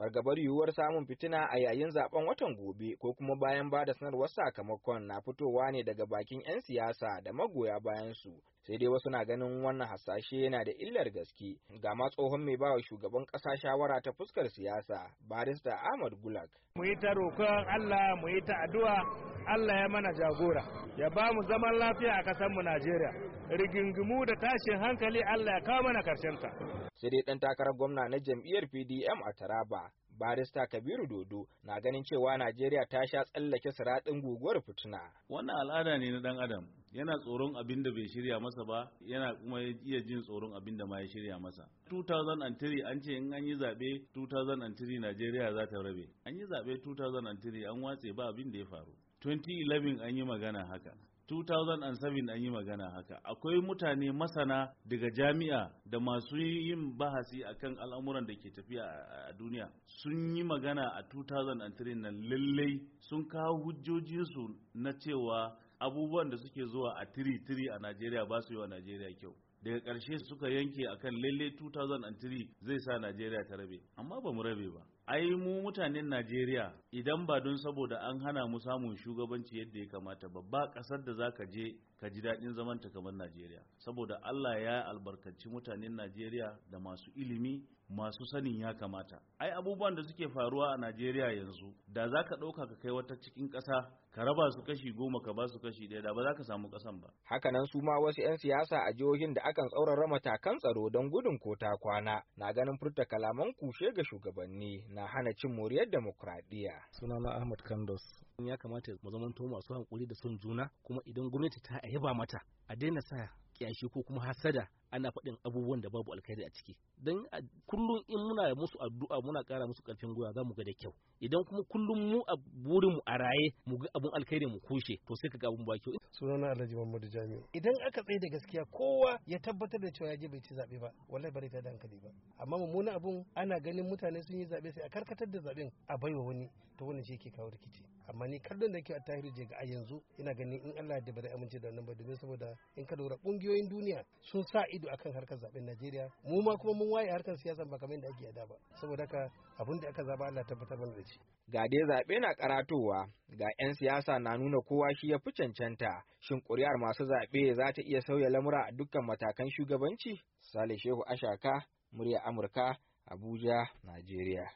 fargabar yiwuwar samun fitina a yayin zaben watan gobe ko kuma bayan ba da sanarwar sakamakon na fitowa ne daga bakin 'yan siyasa da magoya bayan su sai dai wasu na ganin wannan hasashe yana da illar gaske ga ma tsohon mai bawa shugaban ƙasa shawara ta fuskar siyasa barista ahmad gulak mu yi ta roƙon allah mu yi ta addu'a allah ya mana jagora ya ba mu zaman lafiya a ƙasar mu najeriya rigingimu da tashin hankali allah ya kawo mana karshen ta sai dai ɗan takarar gwamna na jam'iyyar pdm a taraba barista kabiru dodo na ganin cewa najeriya ta sha tsallake siraɗin guguwar fituna wannan al'ada ne na dan adam yana tsoron abin da bai shirya masa ba yana kuma iya jin tsoron abin da ma ya shirya masa 2003 an ce in an yi zaɓe 2003 najeriya za ta rabe an yi zaɓe 2003 an watse ba abin da ya faru 2011 an yi magana haka 2007 an yi magana haka akwai mutane masana daga jami'a da masu yin bahasi a kan al'amuran da ke tafiya a duniya sun yi magana a 2003 nan lallai sun kawo hujjojinsu na cewa abubuwan da suke zuwa a tiri-tiri a najeriya ba su yi wa najeriya kyau daga ƙarshe suka yanke akan lalle 2003 zai sa Najeriya ta rabe amma ba mu rabe ba ai mu mutanen Najeriya idan ba don saboda an hana mu samun shugabanci yadda ya kamata babba ƙasar da za ka je ka ji daɗin zaman ta kamar Najeriya saboda Allah ya albarkaci mutanen Najeriya da masu ilimi masu sanin ya kamata ai abubuwan da suke faruwa a najeriya yanzu da za ka ɗauka ka kai wata cikin ƙasa ka raba su kashi goma ka ba su kashi ɗaya da ba za ka samu ƙasan ba hakanan su ma wasu 'yan siyasa a jihohin da akan tsaurara matakan tsaro don gudun ko ta kwana na ganin furta kalaman kushe ga shugabanni na hana cin moriyar demokradiyya na ahmad kandos ya kamata mu zamanto masu hankuri da son juna kuma idan gwamnati ta yaba mata a daina sa kyashi ko kuma hasada ana faɗin abubuwan da babu alkhairi a ciki don kullum in muna musu addu'a muna ƙara musu ƙarfin gwiwa za mu ga da kyau idan kuma kullum mu a burin mu a raye mu ga abun alkhairi mu kushe to sai ka ga abun ba kyau sunana Alhaji Muhammadu Jami'u idan aka tsaye da gaskiya kowa ya tabbatar da cewa ya je bai ci zabe ba wallahi bari ta da hankali ba amma mummunan abun ana ganin mutane sun yi zaɓe sai a karkatar da zaɓen a baiwa wani to wannan shi yake kawo rikici amma ni kallon da ke a tahiru je ga a yanzu ina ganin in Allah da bada amince da wannan ba domin saboda in ka lura kungiyoyin duniya sun sa ido akan harkar zaben Najeriya mu ma kuma mun waye harkar siyasa ba kamar yadda ake yada ba saboda haka abin da aka zaba Allah tabbatar mana da shi ga dai zabe na karatowa ga yan siyasa na nuna kowa shi ya fi cancanta shin ƙuri'ar masu zaɓe za ta iya sauya lamura a dukkan matakan shugabanci Sale Shehu Ashaka murya Amurka Abuja Najeriya